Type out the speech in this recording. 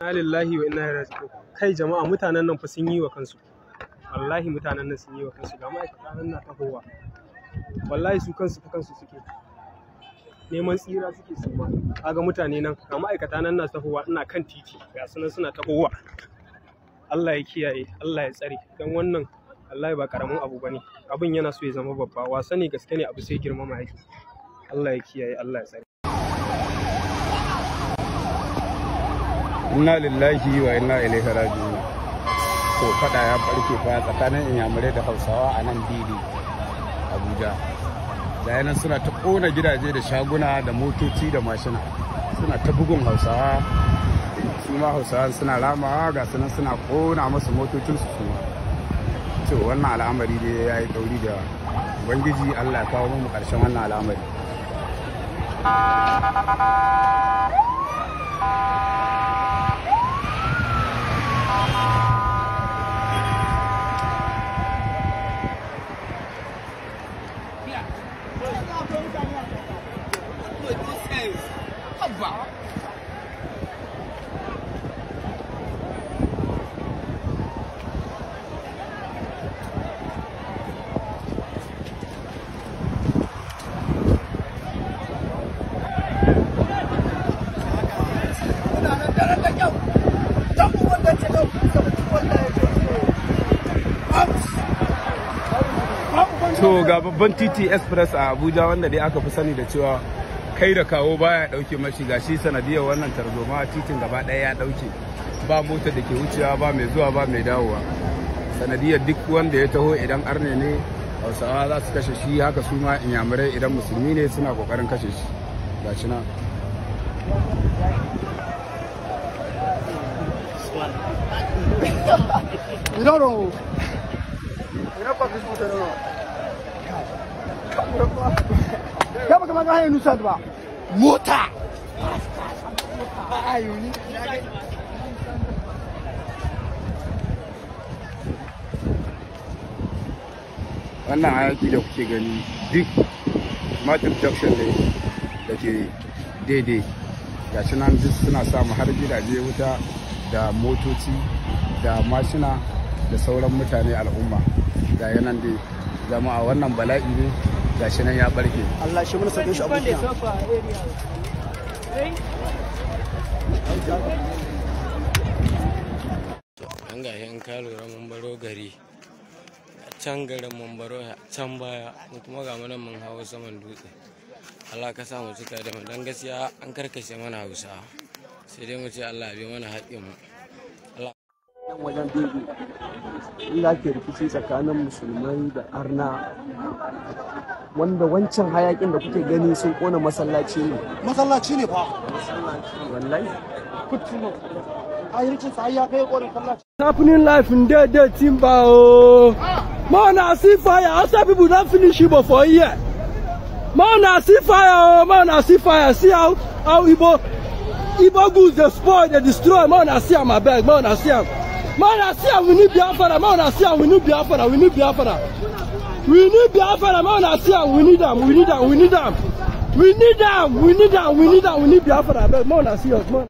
Inna lillahi wa inna ilaihi raji'un. Kai jama'a mutanen nan fa sun yi wa kansu. Wallahi mutanen nan sun yi wa kansu ga ma'aikata nan na tahowa. Wallahi su kansu fa kansu suke. Neman tsira suke su ma. Kaga mutane nan ga ma'aikata nan na tahowa ina kan titi ga su nan suna tahowa. Allah ya kiyaye, Allah ya tsare. Dan wannan wallahi ba karamin abu bane. Abin yana so ya zama babba. Wasa ne gaske ne abu sai girmama yake. Allah ya kiyaye, Allah ya tsare. inna lillahi wa inna ilaihi raji'un to fada ya barke fa tsakanin inyamurai da hausawa a nan dili abuja da nan suna ta kona gidaje da shaguna da motoci da mashina suna ta bugun hausawa su ma hausawa suna ramawa ga sunan suna kona masu motocin su kuma to wannan al'amari dai ya yi kauri da ubangiji allah ya kawo mu karshen wannan al'amari Thank you. pas. to ga babban titi express a abuja wanda dai aka fi sani da cewa kai da kawo baya dauke mashi gashi sanadiyar wannan tarzoma titin gaba daya ya dauke ba mota da ke wucewa ba mai zuwa ba mai dawowa sanadiyar duk wanda ya taho idan arne ne hausawa za su kashe shi haka su ma inyamurai idan musulmi ne suna kokarin kashe shi gashi na kai baka maka hanyar nusa ba mota wannan hayaki da kuke gani duk matin production da da ke daidai ga shi nan duk suna samu har gidaje wuta da motoci da mashina da sauran mutane al'umma ga yanan dai zama a wannan bala'i ne gashi nan ya barke Allah shi mun sake shi abuja an ga yan kalo ramin baro gari a can garin baro a can baya mu kuma ga mana mun hawo saman dutse Allah ka sa mu cika da mu dan gaskiya an karkashe mana hausa sai dai mu ce Allah ya bi mana haƙƙin mu nan wajen dogo inda ke rikici tsakanin musulmai da arna wanda wancan hayakin da kuke gani sun kona masallaci ne masallaci ne fa wallahi kutuno ayyukan sa ya kai kona masallaci happening life in there there timba o ma na see fire after people don finish igbo for here ma na see fire o oh, ma na see fire see how how ibo igbo goods dey spoil dey destroy ma na see am abeg ma na see am Man, I see we need Biafra. Man, I see we need Biafra. We need Biafra. We need Biafra. Man, I see we need them. We need them. We need them. We need them. We need them. We need them. We need Biafra. Man, I see us. Man.